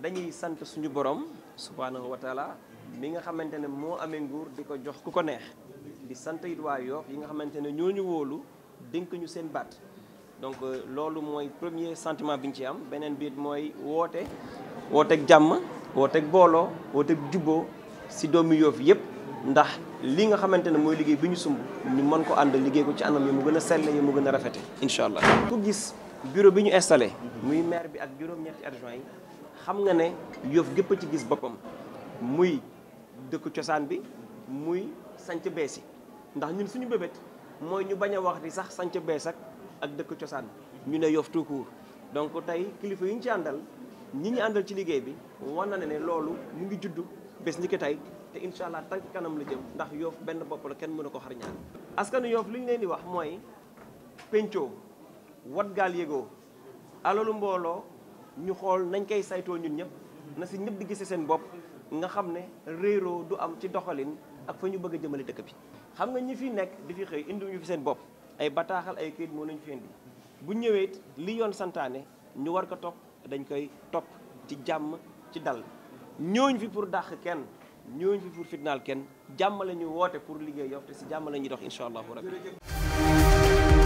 dañuy sant suñu borom subhaanahu wa taala mi nga xamante ne moo amee nguur di ko jox ku ko neex di sant it waa Yoff yi nga xamante ne ñoo ñu wóolu dénk ñu seen baat donc euh, loolu mooy premier sentiment bi ñu ci am beneen biit mooy woote wooteeg jàmm wooteeg booloo wooteeg jubboo si doomi Yoff yëpp ndax li nga xamante ne mooy liggéey bi ñu sumb ñu mën ko ànd liggéey ko ci anam yi mu gën a sell yi mu gën a rafete incha allah ku gis bureau bi ñu installé muy bi ak juróom-ñetti adjoint xam nga ne yof gep ci gis bopam muy deuk ciosan bi muy sanc besi ndax ñun suñu bebet moy ñu baña wax di sax sanc bes ak ak deuk ciosan ñu ne yof tout court donc tay kilifa yi ñu ci andal ñi ñi andal ci liggey bi wonna ne lolu mu ngi juddu bes ni te inshallah allah kanam la jëm ndax yof benn bop la kenn mëna ko xar askanu yof leen di wax moy pencho wat gal yego alolu mbolo ñu xool nañ koy saytoo ñun ñëpp na si ñëpp di gise seen bopp nga xam ne réeroo du am ci doxalin ak fa ñu bëgg a jëmale dëkk bi. xam nga ñi fi nekk di fi xëy indi ñu fi seen bopp ay bataaxal ay këyit moo nañu fi indi bu ñëwee it li yoon santaane ñu war ko topp dañ koy topp ci jàmm ci dal ñooñ fi pour dàq kenn. ñooñu fi pour fitnaal kenn jàmm la woote pour liggéey Yoff te si jàmm la ñuy dox incha allahu rabbi